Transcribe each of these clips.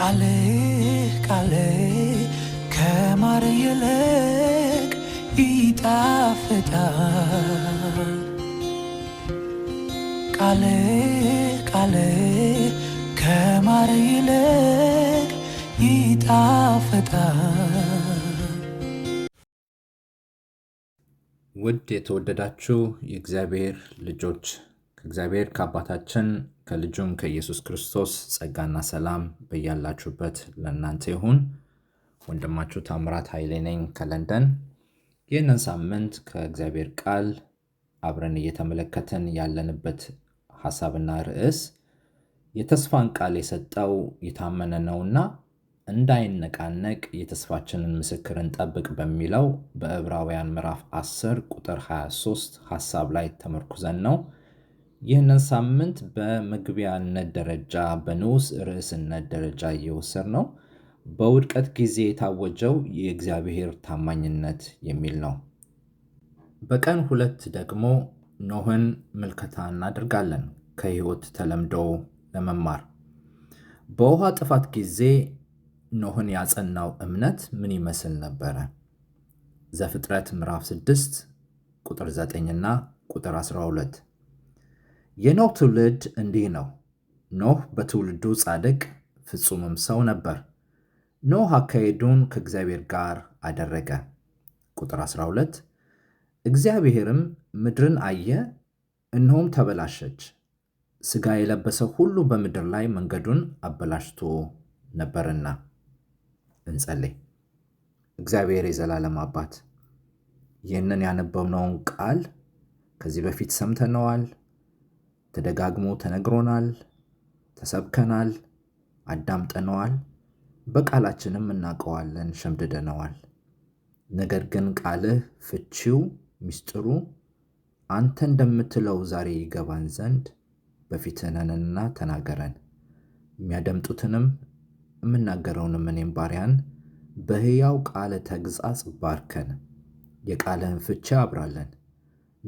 ቃሌ ቃሌ ከማር ይልቅ ይጣፍጣል። ቃሌ ቃሌ ከማር ይልቅ ይጣፍጣል። ውድ የተወደዳችሁ የእግዚአብሔር ልጆች ከእግዚአብሔር ከአባታችን ከልጁም ከኢየሱስ ክርስቶስ ጸጋና ሰላም በያላችሁበት ለእናንተ ይሁን። ወንድማችሁ ታምራት ኃይሌ ነኝ ከለንደን። ይህንን ሳምንት ከእግዚአብሔር ቃል አብረን እየተመለከተን ያለንበት ሀሳብና ርዕስ የተስፋን ቃል የሰጠው የታመነ ነውና እንዳይነቃነቅ የተስፋችንን ምስክር እንጠብቅ በሚለው በዕብራውያን ምዕራፍ 10 ቁጥር 23 ሀሳብ ላይ ተመርኩዘን ነው ይህንን ሳምንት በመግቢያነት ደረጃ በንዑስ ርዕስነት ደረጃ ነው። በውድቀት ጊዜ የታወጀው የእግዚአብሔር ታማኝነት የሚል ነው። በቀን ሁለት ደግሞ ኖህን ምልከታ እናደርጋለን ከህይወት ተለምዶ ለመማር በውሃ ጥፋት ጊዜ ኖህን ያጸናው እምነት ምን ይመስል ነበረ? ዘፍጥረት ምዕራፍ 6 ቁጥር 9 እና ቁጥር 12 የኖህ ትውልድ እንዲህ ነው። ኖህ በትውልዱ ጻድቅ ፍጹምም ሰው ነበር። ኖህ አካሄዱን ከእግዚአብሔር ጋር አደረገ። ቁጥር 12 እግዚአብሔርም ምድርን አየ፣ እነሆም ተበላሸች፣ ሥጋ የለበሰ ሁሉ በምድር ላይ መንገዱን አበላሽቶ ነበርና። እንጸልይ። እግዚአብሔር የዘላለም አባት ይህንን ያነበብነውን ቃል ከዚህ በፊት ሰምተነዋል ተደጋግሞ ተነግሮናል፣ ተሰብከናል፣ አዳምጠነዋል፣ በቃላችንም እናውቀዋለን፣ ሸምድደነዋል። ነገር ግን ቃልህ ፍቺው፣ ምስጢሩ አንተ እንደምትለው ዛሬ ይገባን ዘንድ በፊትነንና ተናገረን። የሚያደምጡትንም የምናገረውንም እኔም ባሪያን በሕያው ቃለ ተግሣጽ ባርከን፣ የቃልህን ፍቺ አብራለን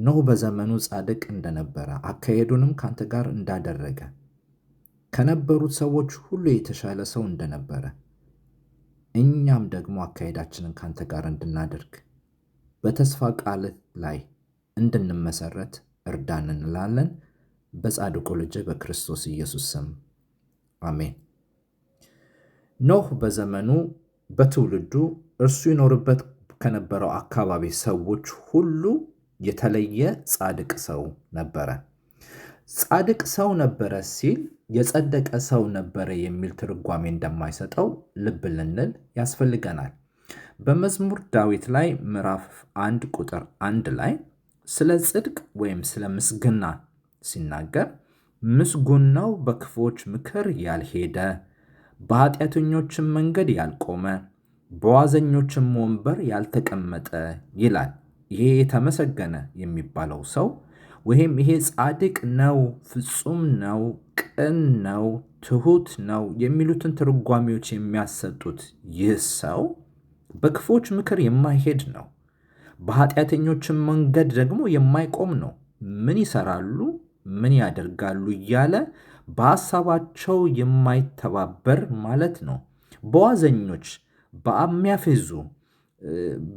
ኖህ በዘመኑ ጻድቅ እንደነበረ አካሄዱንም ካንተ ጋር እንዳደረገ ከነበሩት ሰዎች ሁሉ የተሻለ ሰው እንደነበረ እኛም ደግሞ አካሄዳችንን ካንተ ጋር እንድናደርግ በተስፋ ቃል ላይ እንድንመሰረት እርዳን እንላለን። በጻድቁ ልጅ በክርስቶስ ኢየሱስ ስም አሜን። ኖህ በዘመኑ በትውልዱ እርሱ ይኖርበት ከነበረው አካባቢ ሰዎች ሁሉ የተለየ ጻድቅ ሰው ነበረ። ጻድቅ ሰው ነበረ ሲል የጸደቀ ሰው ነበረ የሚል ትርጓሜ እንደማይሰጠው ልብ ልንል ያስፈልገናል። በመዝሙር ዳዊት ላይ ምዕራፍ አንድ ቁጥር አንድ ላይ ስለ ጽድቅ ወይም ስለ ምስግና ሲናገር ምስጉናው በክፎች ምክር ያልሄደ፣ በኃጢአተኞችም መንገድ ያልቆመ፣ በዋዘኞችም ወንበር ያልተቀመጠ ይላል። ይሄ የተመሰገነ የሚባለው ሰው ወይም ይሄ ጻድቅ ነው፣ ፍጹም ነው፣ ቅን ነው፣ ትሁት ነው የሚሉትን ትርጓሚዎች የሚያሰጡት ይህ ሰው በክፎች ምክር የማይሄድ ነው፣ በኃጢአተኞችን መንገድ ደግሞ የማይቆም ነው። ምን ይሰራሉ፣ ምን ያደርጋሉ እያለ በሐሳባቸው የማይተባበር ማለት ነው። በዋዘኞች በሚያፌዙ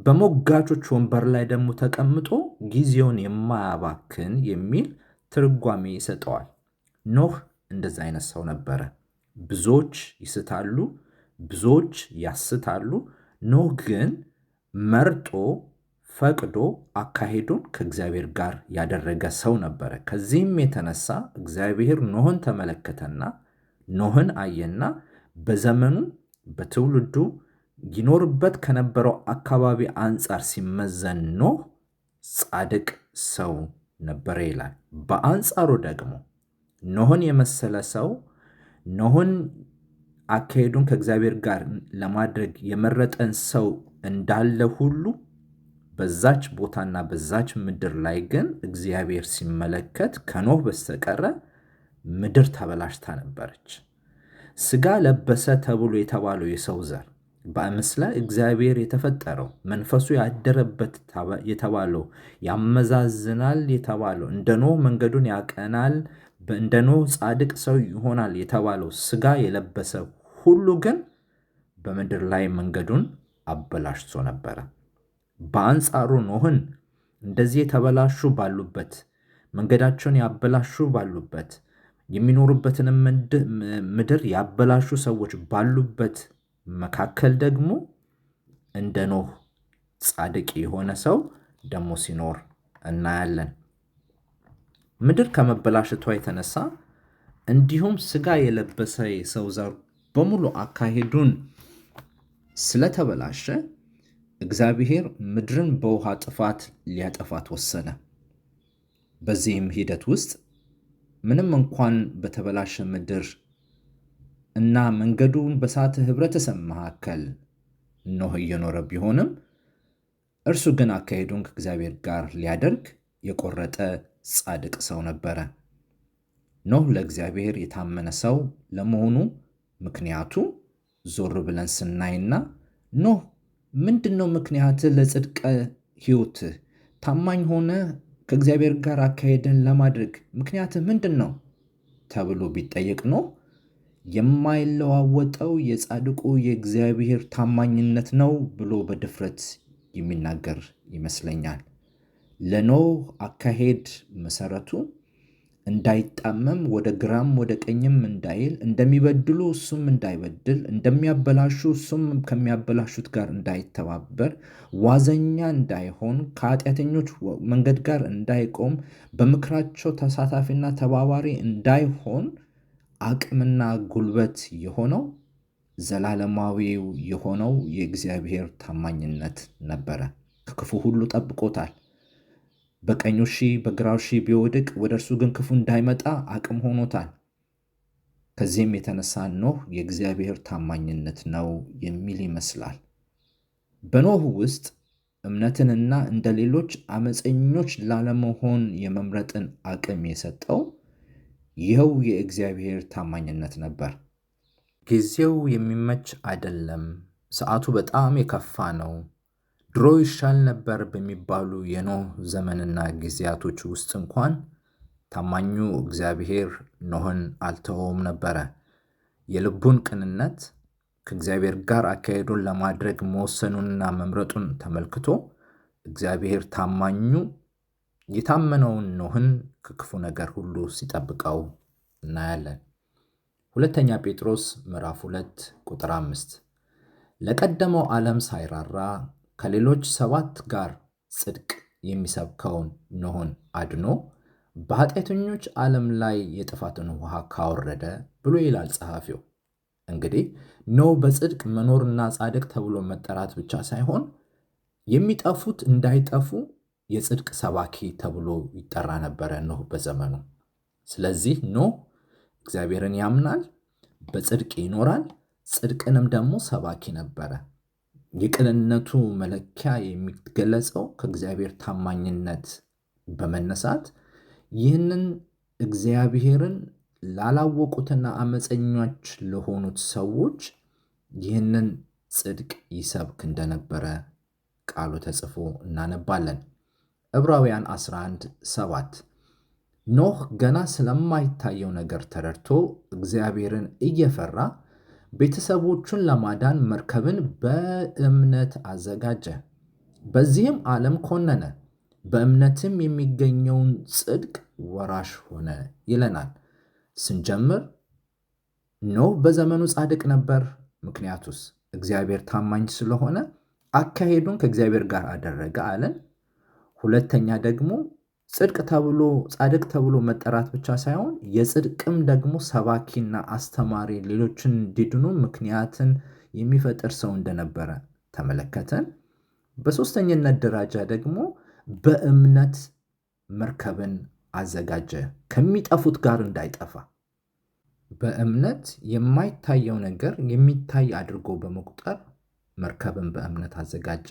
በሞጋቾች ወንበር ላይ ደግሞ ተቀምጦ ጊዜውን የማያባክን የሚል ትርጓሜ ይሰጠዋል። ኖህ እንደዛ አይነት ሰው ነበረ። ብዙዎች ይስታሉ፣ ብዙዎች ያስታሉ። ኖህ ግን መርጦ ፈቅዶ አካሄዱን ከእግዚአብሔር ጋር ያደረገ ሰው ነበረ። ከዚህም የተነሳ እግዚአብሔር ኖህን ተመለከተና ኖህን አየና በዘመኑ በትውልዱ ይኖርበት ከነበረው አካባቢ አንጻር ሲመዘን ኖህ ጻድቅ ሰው ነበረ ይላል። በአንጻሩ ደግሞ ኖህን የመሰለ ሰው ኖህን አካሄዱን ከእግዚአብሔር ጋር ለማድረግ የመረጠን ሰው እንዳለ ሁሉ በዛች ቦታና በዛች ምድር ላይ ግን እግዚአብሔር ሲመለከት ከኖህ በስተቀረ ምድር ተበላሽታ ነበረች። ስጋ ለበሰ ተብሎ የተባለው የሰው ዘር በምስለ እግዚአብሔር የተፈጠረው መንፈሱ ያደረበት የተባለው ያመዛዝናል የተባለው እንደ ኖህ መንገዱን ያቀናል እንደ ኖህ ጻድቅ ሰው ይሆናል የተባለው ስጋ የለበሰ ሁሉ ግን በምድር ላይ መንገዱን አበላሽቶ ነበረ። በአንጻሩ ኖህን እንደዚህ የተበላሹ ባሉበት መንገዳቸውን ያበላሹ ባሉበት የሚኖሩበትንም ምድር ያበላሹ ሰዎች ባሉበት መካከል ደግሞ እንደ ኖህ ጻድቅ የሆነ ሰው ደግሞ ሲኖር እናያለን። ምድር ከመበላሸቷ የተነሳ እንዲሁም ስጋ የለበሰ የሰው ዘር በሙሉ አካሄዱን ስለተበላሸ እግዚአብሔር ምድርን በውሃ ጥፋት ሊያጠፋት ወሰነ። በዚህም ሂደት ውስጥ ምንም እንኳን በተበላሸ ምድር እና መንገዱን በሳተ ህብረተሰብ መካከል ኖህ እየኖረ ቢሆንም እርሱ ግን አካሄዱን ከእግዚአብሔር ጋር ሊያደርግ የቆረጠ ጻድቅ ሰው ነበረ። ኖህ ለእግዚአብሔር የታመነ ሰው ለመሆኑ ምክንያቱ ዞር ብለን ስናይና ኖህ ምንድን ነው ምክንያት ለጽድቀ ህይወት ታማኝ ሆነ ከእግዚአብሔር ጋር አካሄድን ለማድረግ ምክንያት ምንድን ነው ተብሎ ቢጠየቅ ኖህ የማይለዋወጠው የጻድቁ የእግዚአብሔር ታማኝነት ነው ብሎ በድፍረት የሚናገር ይመስለኛል። ለኖህ አካሄድ መሰረቱ እንዳይጣመም ወደ ግራም ወደ ቀኝም እንዳይል፣ እንደሚበድሉ እሱም እንዳይበድል፣ እንደሚያበላሹ እሱም ከሚያበላሹት ጋር እንዳይተባበር፣ ዋዘኛ እንዳይሆን፣ ከኃጢአተኞች መንገድ ጋር እንዳይቆም፣ በምክራቸው ተሳታፊና ተባባሪ እንዳይሆን አቅምና ጉልበት የሆነው ዘላለማዊው የሆነው የእግዚአብሔር ታማኝነት ነበረ። ከክፉ ሁሉ ጠብቆታል። በቀኙ ሺ በግራው ሺ ቢወድቅ ወደ እርሱ ግን ክፉ እንዳይመጣ አቅም ሆኖታል። ከዚህም የተነሳ ኖህ የእግዚአብሔር ታማኝነት ነው የሚል ይመስላል። በኖህ ውስጥ እምነትንና እንደ ሌሎች አመፀኞች ላለመሆን የመምረጥን አቅም የሰጠው ይኸው የእግዚአብሔር ታማኝነት ነበር። ጊዜው የሚመች አይደለም፣ ሰዓቱ በጣም የከፋ ነው። ድሮ ይሻል ነበር በሚባሉ የኖህ ዘመንና ጊዜያቶች ውስጥ እንኳን ታማኙ እግዚአብሔር ኖህን አልተወውም ነበረ። የልቡን ቅንነት ከእግዚአብሔር ጋር አካሄዱን ለማድረግ መወሰኑንና መምረጡን ተመልክቶ እግዚአብሔር ታማኙ የታመነውን ኖህን ከክፉ ነገር ሁሉ ሲጠብቀው እናያለን። ሁለተኛ ጴጥሮስ ምዕራፍ 2 ቁጥር 5 ለቀደመው ዓለም ሳይራራ ከሌሎች ሰባት ጋር ጽድቅ የሚሰብከውን ኖህን አድኖ በኃጢአተኞች ዓለም ላይ የጥፋትን ውሃ ካወረደ ብሎ ይላል ጸሐፊው። እንግዲህ ኖህ በጽድቅ መኖርና ጻድቅ ተብሎ መጠራት ብቻ ሳይሆን የሚጠፉት እንዳይጠፉ የጽድቅ ሰባኪ ተብሎ ይጠራ ነበረ ኖህ በዘመኑ። ስለዚህ ኖህ እግዚአብሔርን ያምናል፣ በጽድቅ ይኖራል፣ ጽድቅንም ደግሞ ሰባኪ ነበረ። የቅንነቱ መለኪያ የሚገለጸው ከእግዚአብሔር ታማኝነት በመነሳት ይህንን እግዚአብሔርን ላላወቁትና አመፀኞች ለሆኑት ሰዎች ይህንን ጽድቅ ይሰብክ እንደነበረ ቃሉ ተጽፎ እናነባለን። ዕብራውያን 11 7 ኖህ ገና ስለማይታየው ነገር ተረድቶ እግዚአብሔርን እየፈራ ቤተሰቦቹን ለማዳን መርከብን በእምነት አዘጋጀ። በዚህም ዓለም ኮነነ፣ በእምነትም የሚገኘውን ጽድቅ ወራሽ ሆነ ይለናል። ስንጀምር ኖህ በዘመኑ ጻድቅ ነበር። ምክንያቱስ እግዚአብሔር ታማኝ ስለሆነ አካሄዱን ከእግዚአብሔር ጋር አደረገ አለን። ሁለተኛ ደግሞ ጽድቅ ተብሎ ጻድቅ ተብሎ መጠራት ብቻ ሳይሆን የጽድቅም ደግሞ ሰባኪና አስተማሪ ሌሎችን እንዲድኑ ምክንያትን የሚፈጥር ሰው እንደነበረ ተመለከተን። በሶስተኝነት ደረጃ ደግሞ በእምነት መርከብን አዘጋጀ ከሚጠፉት ጋር እንዳይጠፋ። በእምነት የማይታየው ነገር የሚታይ አድርጎ በመቁጠር መርከብን በእምነት አዘጋጀ።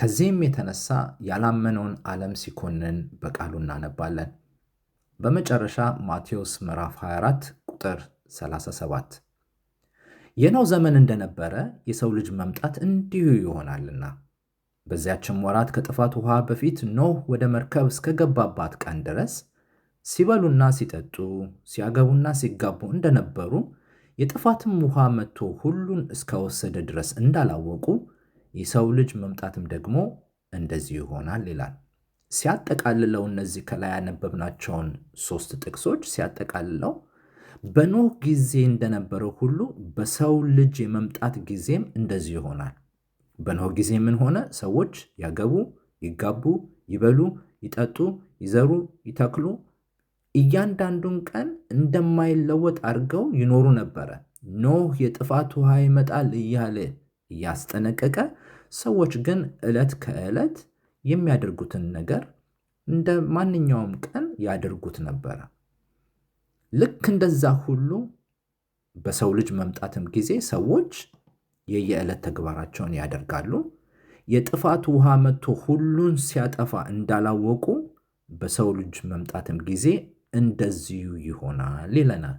ከዚህም የተነሳ ያላመነውን ዓለም ሲኮንን በቃሉ እናነባለን። በመጨረሻ ማቴዎስ ምዕራፍ 24 ቁጥር 37 የኖህ ዘመን እንደነበረ የሰው ልጅ መምጣት እንዲሁ ይሆናልና በዚያችም ወራት ከጥፋት ውሃ በፊት ኖህ ወደ መርከብ እስከገባባት ቀን ድረስ ሲበሉና ሲጠጡ ሲያገቡና ሲጋቡ እንደነበሩ የጥፋትም ውሃ መጥቶ ሁሉን እስከወሰደ ድረስ እንዳላወቁ የሰው ልጅ መምጣትም ደግሞ እንደዚህ ይሆናል ይላል። ሲያጠቃልለው እነዚህ ከላይ ያነበብናቸውን ሶስት ጥቅሶች ሲያጠቃልለው በኖህ ጊዜ እንደነበረው ሁሉ በሰው ልጅ የመምጣት ጊዜም እንደዚህ ይሆናል። በኖህ ጊዜ ምን ሆነ? ሰዎች ያገቡ፣ ይጋቡ፣ ይበሉ፣ ይጠጡ፣ ይዘሩ፣ ይተክሉ፣ እያንዳንዱን ቀን እንደማይለወጥ አድርገው ይኖሩ ነበረ። ኖህ የጥፋት ውሃ ይመጣል እያለ እያስጠነቀቀ ሰዎች ግን ዕለት ከዕለት የሚያደርጉትን ነገር እንደ ማንኛውም ቀን ያደርጉት ነበረ። ልክ እንደዛ ሁሉ በሰው ልጅ መምጣትም ጊዜ ሰዎች የየዕለት ተግባራቸውን ያደርጋሉ። የጥፋት ውሃ መጥቶ ሁሉን ሲያጠፋ እንዳላወቁ በሰው ልጅ መምጣትም ጊዜ እንደዚሁ ይሆናል ይለናል።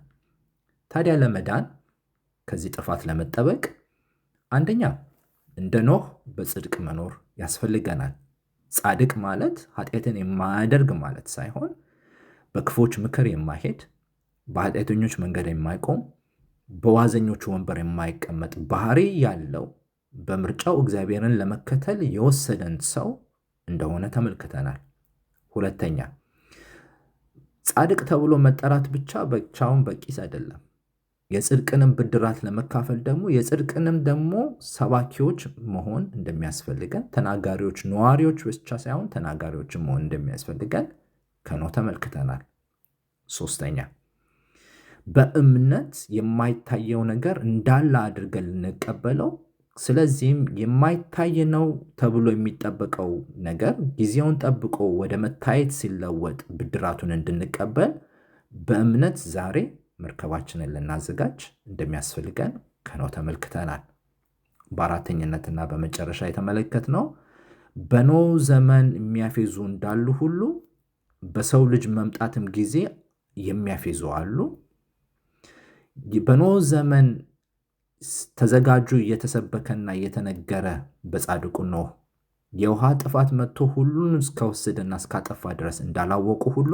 ታዲያ ለመዳን ከዚህ ጥፋት ለመጠበቅ አንደኛ እንደ ኖህ በጽድቅ መኖር ያስፈልገናል። ጻድቅ ማለት ኃጢአትን የማያደርግ ማለት ሳይሆን በክፎች ምክር የማይሄድ በኃጢአተኞች መንገድ የማይቆም በዋዘኞቹ ወንበር የማይቀመጥ ባህሪ ያለው በምርጫው እግዚአብሔርን ለመከተል የወሰደን ሰው እንደሆነ ተመልክተናል። ሁለተኛ ጻድቅ ተብሎ መጠራት ብቻ ብቻውን በቂስ አይደለም። የጽድቅንም ብድራት ለመካፈል ደግሞ የጽድቅንም ደግሞ ሰባኪዎች መሆን እንደሚያስፈልገን ተናጋሪዎች፣ ነዋሪዎች ብቻ ሳይሆን ተናጋሪዎችን መሆን እንደሚያስፈልገን ከኖ ተመልክተናል። ሶስተኛ በእምነት የማይታየው ነገር እንዳለ አድርገን ልንቀበለው ስለዚህም የማይታይ ነው ተብሎ የሚጠበቀው ነገር ጊዜውን ጠብቆ ወደ መታየት ሲለወጥ ብድራቱን እንድንቀበል በእምነት ዛሬ መርከባችንን ልናዘጋጅ እንደሚያስፈልገን ከኖ ተመልክተናል። በአራተኝነትና በመጨረሻ የተመለከትነው በኖ ዘመን የሚያፌዙ እንዳሉ ሁሉ በሰው ልጅ መምጣትም ጊዜ የሚያፌዙ አሉ። በኖ ዘመን ተዘጋጁ እየተሰበከና እየተነገረ በጻድቁ ኖህ የውሃ ጥፋት መጥቶ ሁሉን እስከወሰደና እስካጠፋ ድረስ እንዳላወቁ ሁሉ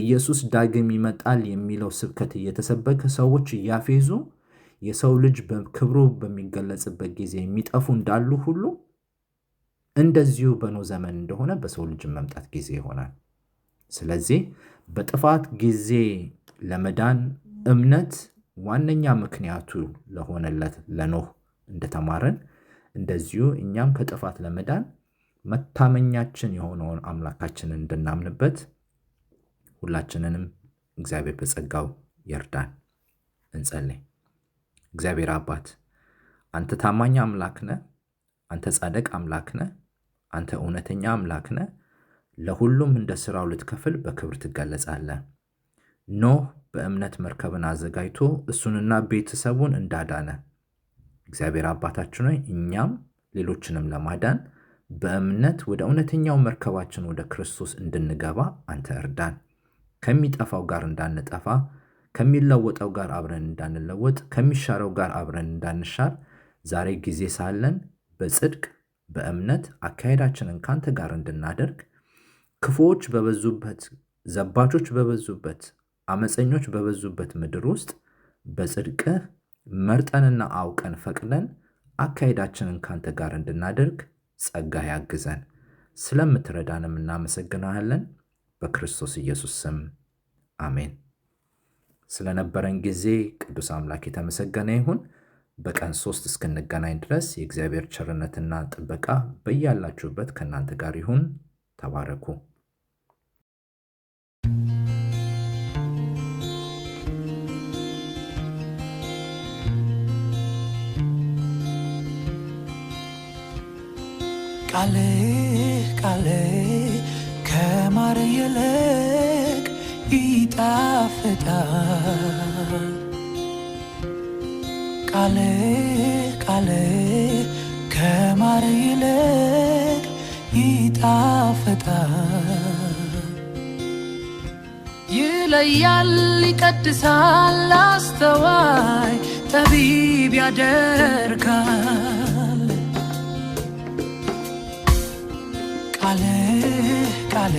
ኢየሱስ ዳግም ይመጣል የሚለው ስብከት እየተሰበከ ሰዎች እያፌዙ የሰው ልጅ በክብሩ በሚገለጽበት ጊዜ የሚጠፉ እንዳሉ ሁሉ እንደዚሁ በኖ ዘመን እንደሆነ በሰው ልጅ መምጣት ጊዜ ይሆናል። ስለዚህ በጥፋት ጊዜ ለመዳን እምነት ዋነኛ ምክንያቱ ለሆነለት ለኖህ እንደተማረን እንደዚሁ እኛም ከጥፋት ለመዳን መታመኛችን የሆነውን አምላካችንን እንድናምንበት ሁላችንንም እግዚአብሔር በጸጋው ይርዳን። እንጸልይ። እግዚአብሔር አባት አንተ ታማኝ አምላክ ነህ። አንተ ጻድቅ አምላክ ነህ። አንተ እውነተኛ አምላክ ነህ። ለሁሉም እንደ ሥራው ልትከፍል በክብር ትገለጻለህ። ኖህ በእምነት መርከብን አዘጋጅቶ እሱንና ቤተሰቡን እንዳዳነ እግዚአብሔር አባታችን ሆይ እኛም ሌሎችንም ለማዳን በእምነት ወደ እውነተኛው መርከባችን ወደ ክርስቶስ እንድንገባ አንተ እርዳን። ከሚጠፋው ጋር እንዳንጠፋ፣ ከሚለወጠው ጋር አብረን እንዳንለወጥ፣ ከሚሻረው ጋር አብረን እንዳንሻር ዛሬ ጊዜ ሳለን በጽድቅ በእምነት አካሄዳችንን ካንተ ጋር እንድናደርግ ክፉዎች በበዙበት ዘባቾች በበዙበት አመፀኞች በበዙበት ምድር ውስጥ በጽድቅህ መርጠንና አውቀን ፈቅደን አካሄዳችንን ካንተ ጋር እንድናደርግ ጸጋህ ያግዘን። ስለምትረዳንም እናመሰግናለን በክርስቶስ ኢየሱስ ስም አሜን። ስለነበረን ጊዜ ቅዱስ አምላክ የተመሰገነ ይሁን። በቀን ሶስት እስክንገናኝ ድረስ የእግዚአብሔር ቸርነትና ጥበቃ በያላችሁበት ከእናንተ ጋር ይሁን። ተባረኩ። ቃልህ ቃልህ ከማር ይልቅ ይጣፍጣል ቃል ቃል ከማር ይልቅ ይጣፍጣል ይለያል ይቀድሳል አስተዋይ ጠቢብ ያደርጋል ቃል ቃል